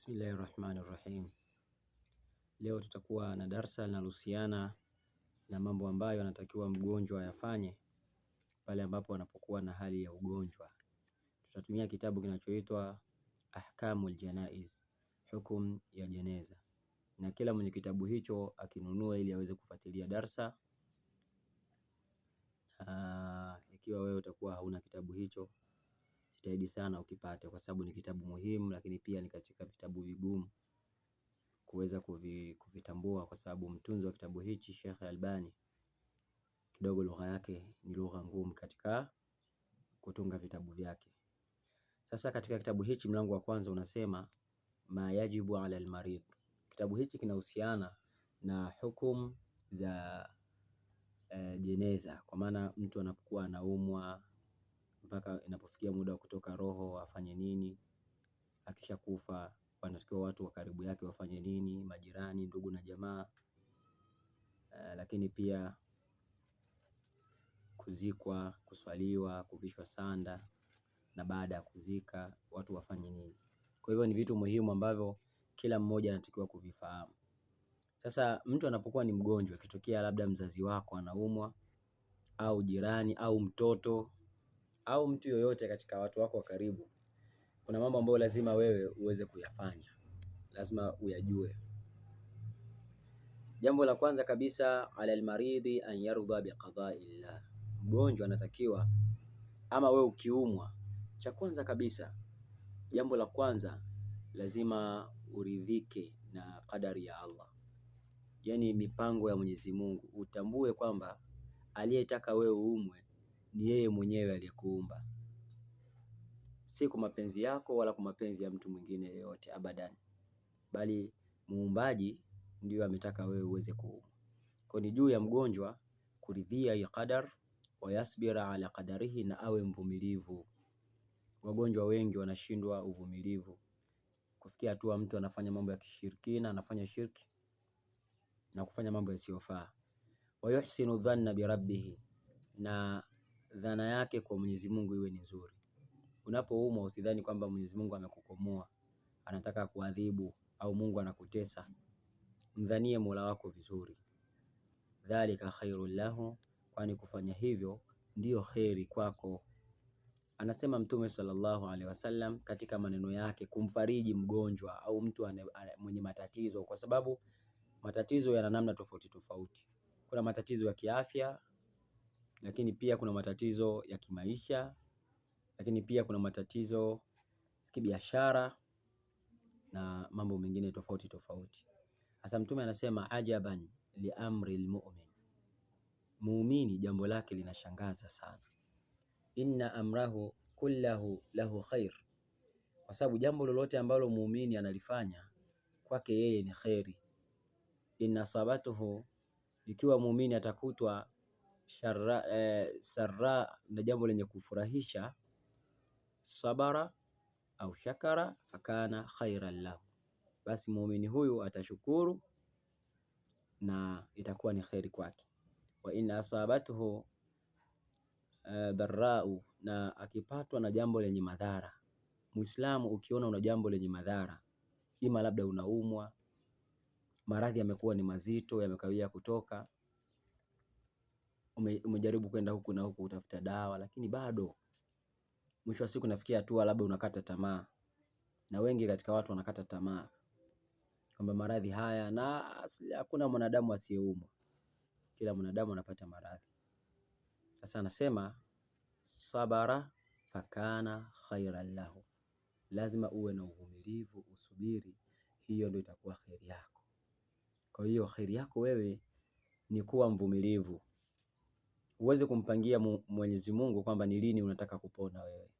Bismillahi rahmani rahim. Leo tutakuwa na darsa linalohusiana na mambo ambayo anatakiwa mgonjwa ayafanye pale ambapo anapokuwa na hali ya ugonjwa. Tutatumia kitabu kinachoitwa Ahkamul Janaiz, hukum ya jeneza, na kila mwenye kitabu hicho akinunua ili aweze kufuatilia darsa. Ikiwa wewe utakuwa hauna kitabu hicho jitahidi sana ukipate, kwa sababu ni kitabu muhimu, lakini pia ni katika vitabu vigumu kuweza kuvitambua, kwa sababu mtunzi wa kitabu hichi Sheikh Albani kidogo lugha yake ni lugha ngumu katika kutunga vitabu vyake. Sasa katika kitabu hichi mlango wa kwanza unasema mayajibu ala almarid. Kitabu hichi kinahusiana na hukumu za e, jeneza, kwa maana mtu anapokuwa anaumwa mpaka inapofikia muda wa kutoka roho afanye nini, akisha kufa wanatakiwa watu wa karibu yake wafanye nini, majirani, ndugu na jamaa. Uh, lakini pia kuzikwa, kuswaliwa, kuvishwa sanda na baada ya kuzika watu wafanye nini. Kwa hivyo ni vitu muhimu ambavyo kila mmoja anatakiwa kuvifahamu. Sasa mtu anapokuwa ni mgonjwa, ikitokea labda mzazi wako anaumwa au jirani au mtoto au mtu yoyote katika watu wako wa karibu, kuna mambo ambayo lazima wewe uweze kuyafanya, lazima uyajue. Jambo la kwanza kabisa, ala almaridhi an yardha biqadaillah, mgonjwa anatakiwa ama wewe ukiumwa, cha kwanza kabisa, jambo la kwanza lazima uridhike na kadari ya Allah, yaani mipango ya Mwenyezi Mungu. Utambue kwamba aliyetaka wewe uumwe ni yeye mwenyewe aliyekuumba, si kwa mapenzi yako wala kwa mapenzi ya mtu mwingine yeyote abadan, bali muumbaji ndiyo ametaka wewe uweze kuumba. Kwa ni juu ya mgonjwa kuridhia ya qadar wa yasbira ala qadarihi, na awe mvumilivu. Wagonjwa wengi wanashindwa uvumilivu, kufikia hatua mtu anafanya mambo ya kishirikina, anafanya shirki na kufanya mambo yasiyofaa. Wayuhsinu dhanna bi na dhana yake kwa Mwenyezi Mungu iwe ni nzuri. Unapoumwa usidhani kwamba Mwenyezi Mungu amekukomoa, anataka kuadhibu au Mungu anakutesa. Mdhanie Mola wako vizuri, dhalika khairu lahu, kwani kufanya hivyo ndiyo kheri kwako. Anasema Mtume sallallahu alaihi wasallam katika maneno yake kumfariji mgonjwa au mtu ane, ane, mwenye matatizo, kwa sababu matatizo yana namna tofauti tofauti. Kuna matatizo ya kiafya lakini pia kuna matatizo ya kimaisha, lakini pia kuna matatizo ya kibiashara na mambo mengine tofauti tofauti. Hasa Mtume anasema ajaban liamri lmumin, muumini jambo lake linashangaza sana. Inna amrahu kullahu lahu khair, kwa sababu jambo lolote ambalo muumini analifanya kwake yeye ni kheri. Inna ikiwa muumini atakutwa shara, eh, sara na jambo lenye kufurahisha, sabara au shakara fakana khairan lahu, basi muumini huyu atashukuru na itakuwa ni kheri kwake. Wa in asabathu eh, dharrau, na akipatwa na jambo lenye madhara. Muislamu ukiona una jambo lenye madhara, ima labda unaumwa, maradhi yamekuwa ni mazito, yamekawia kutoka ume, umejaribu kwenda huku na huku utafuta dawa, lakini bado mwisho wa siku nafikia hatua labda unakata tamaa, na wengi katika watu wanakata tamaa kwamba maradhi haya, na hakuna mwanadamu asiyeumwa, kila mwanadamu anapata maradhi. Sasa anasema sabara fakana khaira lahu, lazima uwe na uvumilivu, usubiri, hiyo ndio itakuwa kheri yako. Kwa hiyo kheri yako wewe ni kuwa mvumilivu uweze kumpangia Mwenyezi Mungu kwamba ni lini unataka kupona wewe,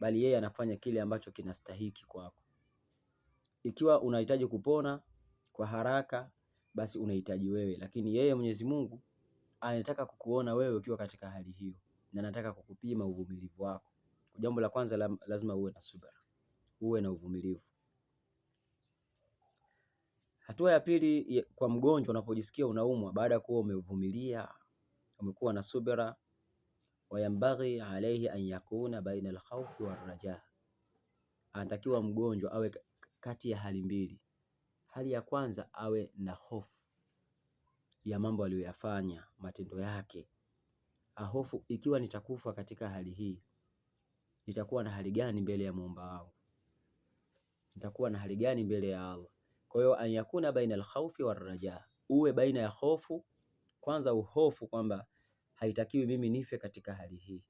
bali yeye anafanya kile ambacho kinastahiki kwako. Ikiwa unahitaji kupona kwa haraka, basi unahitaji wewe, lakini yeye Mwenyezi Mungu anataka kukuona wewe ukiwa katika hali hiyo, na anataka kukupima uvumilivu wako. Jambo la kwanza, lazima uwe na subira, uwe na uvumilivu. Hatua ya pili, kwa mgonjwa unapojisikia unaumwa, baada ya kuwa umevumilia amekuwa na subira. Wayambaghi alayhi an yakuna baina alkhawfi waraja, anatakiwa mgonjwa awe kati ya hali mbili. Hali ya kwanza awe na hofu ya mambo aliyoyafanya, matendo yake, ahofu ikiwa nitakufa katika hali hii, nitakuwa na hali gani mbele ya muumba wangu? Nitakuwa na hali gani mbele ya Allah? Kwa hiyo an yakuna baina alkhawfi waraja, uwe baina ya hofu kwanza uhofu kwamba haitakiwi mimi nife katika hali hii.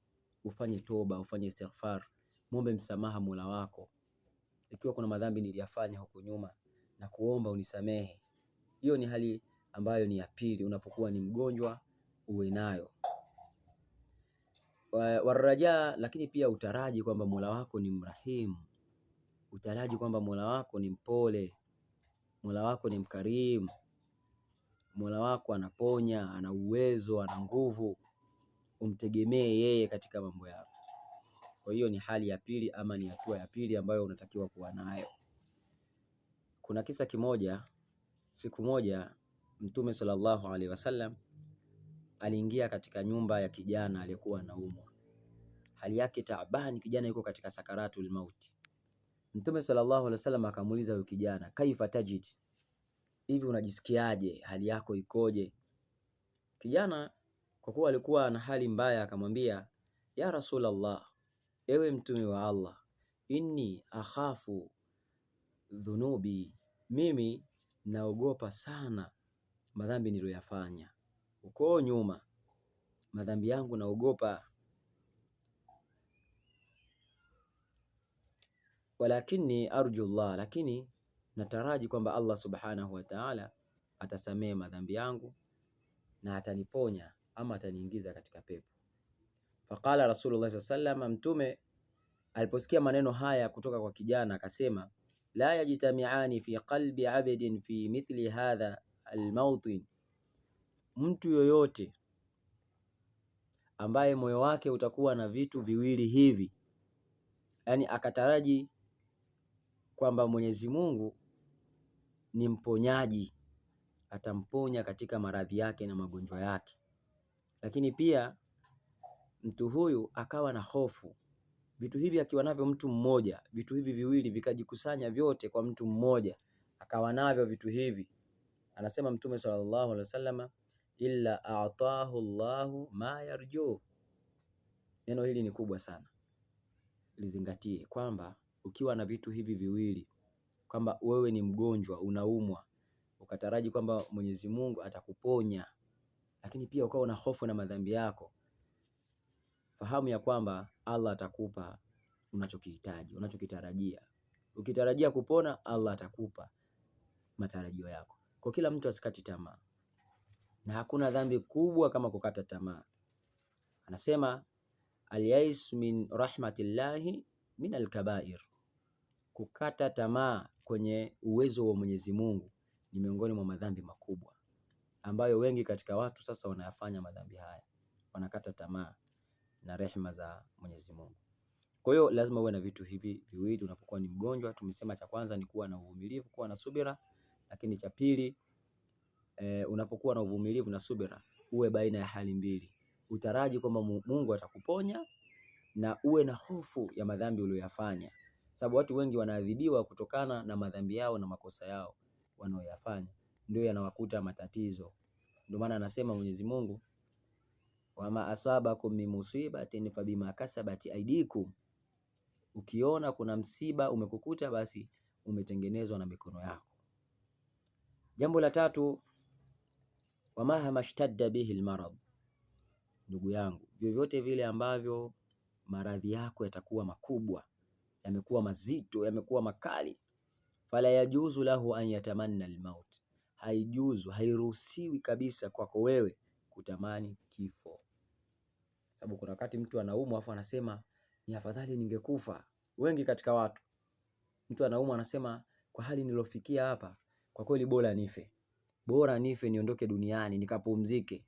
Ufanye toba, ufanye istighfar, muombe msamaha Mola wako, ikiwa kuna madhambi niliyafanya huko nyuma na kuomba unisamehe. Hiyo ni hali ambayo ni ya pili, unapokuwa ni mgonjwa uwe nayo Waraja, Lakini pia utaraji kwamba Mola wako ni mrahimu, utaraji kwamba Mola wako ni mpole, Mola wako ni mkarimu. Mola wako anaponya, ana uwezo, ana nguvu, umtegemee yeye katika mambo yako. Kwa hiyo ni hali ya pili ama ni hatua ya pili ambayo unatakiwa kuwa nayo. Kuna kisa kimoja, siku moja Mtume sallallahu alaihi wasallam aliingia katika nyumba ya kijana aliyekuwa anaumwa, hali yake taabani, kijana yuko katika sakaratul mauti. Mtume sallallahu alaihi wasallam akamuuliza huyu kijana, kaifa tajid hivi unajisikiaje? Hali yako ikoje? Kijana kwa kuwa alikuwa na hali mbaya akamwambia, ya Rasulallah, ewe mtume wa Allah, inni akhafu dhunubi, mimi naogopa sana madhambi niliyoyafanya uko nyuma, madhambi yangu naogopa. Walakini arjullah, lakini nataraji kwamba Allah subhanahu wa ta'ala atasamehe madhambi yangu na ataniponya ama ataniingiza katika pepo. Faqala Rasulullah sallallahu alaihi wasallam, mtume aliposikia maneno haya kutoka kwa kijana akasema, la yajtamiani fi qalbi abdin fi mithli hadha almautin, mtu yoyote ambaye moyo wake utakuwa na vitu viwili hivi, yani akataraji kwamba Mwenyezi Mungu ni mponyaji, atamponya katika maradhi yake na magonjwa yake. Lakini pia mtu huyu akawa na hofu. Vitu hivi akiwa navyo mtu mmoja, vitu hivi viwili vikajikusanya vyote kwa mtu mmoja, akawa navyo vitu hivi, anasema Mtume sallallahu alaihi wasallam, illa atahu llahu ma yarju. Neno hili ni kubwa sana, lizingatie kwamba ukiwa na vitu hivi viwili kwamba wewe ni mgonjwa unaumwa, ukataraji kwamba Mwenyezi Mungu atakuponya, lakini pia ukawa una hofu na madhambi yako, fahamu ya kwamba Allah atakupa unachokihitaji, unachokitarajia. Ukitarajia kupona, Allah atakupa matarajio yako. Kwa kila mtu asikati tamaa, na hakuna dhambi kubwa kama kukata tamaa. Anasema alyais min rahmatillahi min alkabair Kukata tamaa kwenye uwezo wa Mwenyezi Mungu ni miongoni mwa madhambi makubwa ambayo wengi katika watu sasa wanayafanya madhambi haya, wanakata tamaa na rehema za Mwenyezi Mungu. Kwa hiyo lazima uwe na vitu hivi viwili unapokuwa ni mgonjwa. Tumesema cha kwanza ni kuwa na uvumilivu, kuwa na subira, lakini cha pili e, unapokuwa na uvumilivu na subira uwe baina ya hali mbili, utaraji kwamba Mungu atakuponya na uwe na hofu ya madhambi uliyoyafanya sababu watu wengi wanaadhibiwa kutokana na madhambi yao na makosa yao wanaoyafanya, ndio yanawakuta matatizo. Ndio maana anasema Mwenyezi Mungu, wama asabakum min musibatin fabima kasabat aidikum, ukiona kuna msiba umekukuta basi umetengenezwa na mikono yako. Jambo la tatu, wamahama bihi lmarad, ndugu yangu, vyovyote vile ambavyo maradhi yako yatakuwa makubwa yamekuwa mazito, yamekuwa makali. Fala yajuzu lahu an yatamanna almaut, haijuzu, hairuhusiwi kabisa kwako wewe kutamani kifo, sababu kuna wakati mtu anaumwa afu anasema ni afadhali ningekufa. Wengi katika watu, mtu anaumwa anasema kwa hali nilofikia hapa, kwa kweli bora nife, bora nife, niondoke duniani nikapumzike.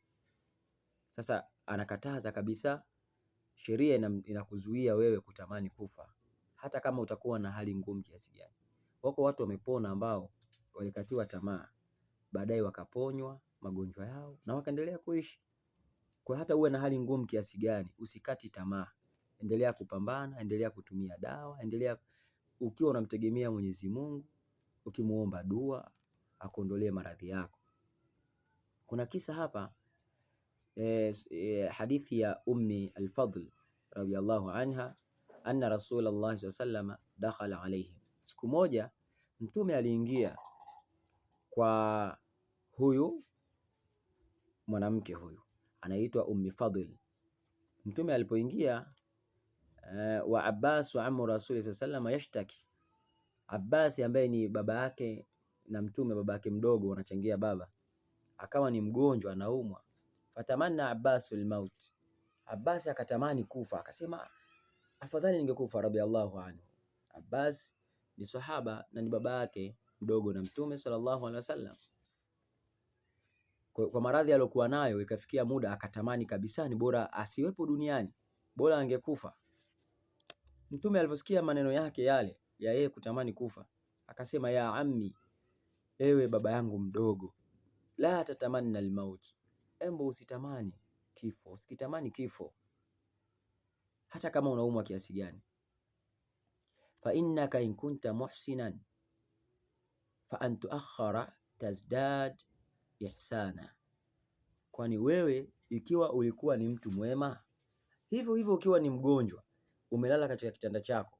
Sasa anakataza kabisa, sheria inakuzuia wewe kutamani kufa hata kama utakuwa na hali ngumu kiasi gani. Wako watu wamepona ambao walikatiwa tamaa, baadaye wakaponywa magonjwa yao na wakaendelea kuishi. Kwa hata uwe na hali ngumu kiasi gani, usikati tamaa, endelea kupambana, endelea kutumia dawa, endelea ukiwa unamtegemea Mwenyezi Mungu, ukimuomba dua akuondolee maradhi yako. Kuna kisa hapa eh, eh, hadithi ya Ummi al-Fadhl radhiyallahu anha anna Rasulullah sallallahu dakhala alayhi, siku moja mtume aliingia kwa huyu mwanamke huyu anaitwa Ummi Fadl. Mtume alipoingia uh, wa Abbas wa amu Rasuli sallallahu yashtaki Abbas ambaye ni baba yake na mtume baba yake mdogo wanachangia baba, akawa ni mgonjwa anaumwa. Fatamanna Abbasul maut, Abbas akatamani kufa, akasema afadhali ningekufa radhiallahu anhu. Abbas ni sahaba na ni baba yake mdogo na Mtume sallallahu alaihi wasallam. Kwa, kwa maradhi aliyokuwa nayo ikafikia muda akatamani kabisa ni bora asiwepo duniani, bora angekufa. Mtume aliposikia maneno yake yale ya yeye kutamani kufa akasema, ya ammi, ewe baba yangu mdogo, la tatamanna almaut, embo usitamani kifo, usikitamani kifo hata kama unaumwa kiasi gani. fa innaka in kunta muhsinan fa an tuakhara tazdad ihsana, kwani wewe ikiwa ulikuwa ni mtu mwema, hivyo hivyo ukiwa ni mgonjwa umelala katika kitanda chako,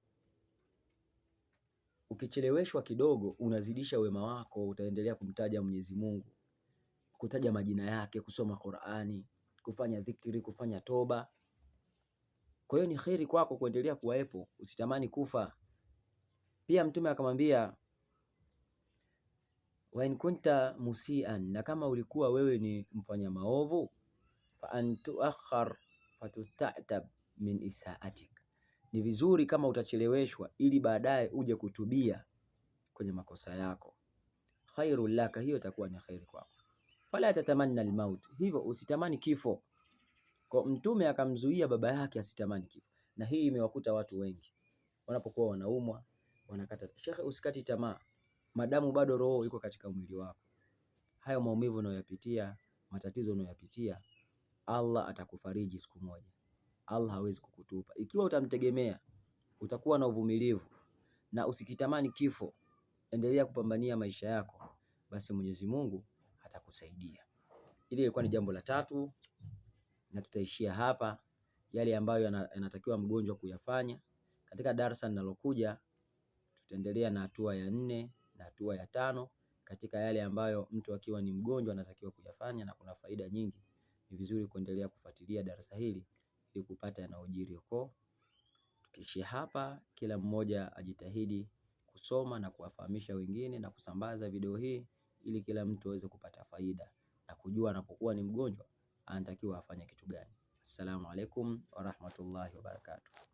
ukicheleweshwa kidogo, unazidisha wema wako. Utaendelea kumtaja Mwenyezi Mungu, kutaja majina yake, kusoma Qur'ani, kufanya dhikri, kufanya toba. Kwa hiyo ni kheri kwako kuendelea kuwaepo, usitamani kufa. Pia Mtume akamwambia wa in kunta musian, na kama ulikuwa wewe ni mfanya maovu, fa antuakhar fatustatab min isaatik, ni vizuri kama utacheleweshwa ili baadaye uje kutubia kwenye makosa yako, Khairul laka, hiyo itakuwa ni kheri kwako. Fala tatamanna almaut, hivyo usitamani kifo. Kwa mtume akamzuia baba yake asitamani kifo, na hii imewakuta watu wengi wanapokuwa wanaumwa wanakata. Shekhe, usikati tamaa madamu bado roho iko katika mwili wako. Hayo maumivu unayoyapitia, matatizo unayoyapitia, Allah atakufariji siku moja. Allah hawezi kukutupa ikiwa utamtegemea, utakuwa na uvumilivu na usikitamani kifo, endelea kupambania maisha yako, basi Mwenyezi Mungu atakusaidia. Hili ilikuwa ni jambo la tatu na tutaishia hapa yale ambayo yanatakiwa mgonjwa kuyafanya. Katika darasa linalokuja tutaendelea na hatua ya nne na hatua ya tano katika yale ambayo mtu akiwa ni mgonjwa anatakiwa kuyafanya na kuna faida nyingi. Ni vizuri kuendelea kufuatilia darasa hili ili kupata yanayojiri huko. Tukiishia hapa, kila mmoja ajitahidi kusoma na kuwafahamisha wengine na kusambaza video hii ili kila mtu aweze kupata faida na kujua anapokuwa ni mgonjwa anatakiwa afanye kitu gani. Assalamu alaikum warahmatullahi wabarakatuh.